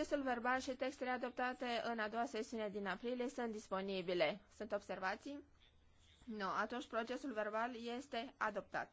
Procesul verbal și textele adoptate în a doua sesiune din aprilie sunt disponibile. Sunt observații? Nu. Atunci procesul verbal este adoptat.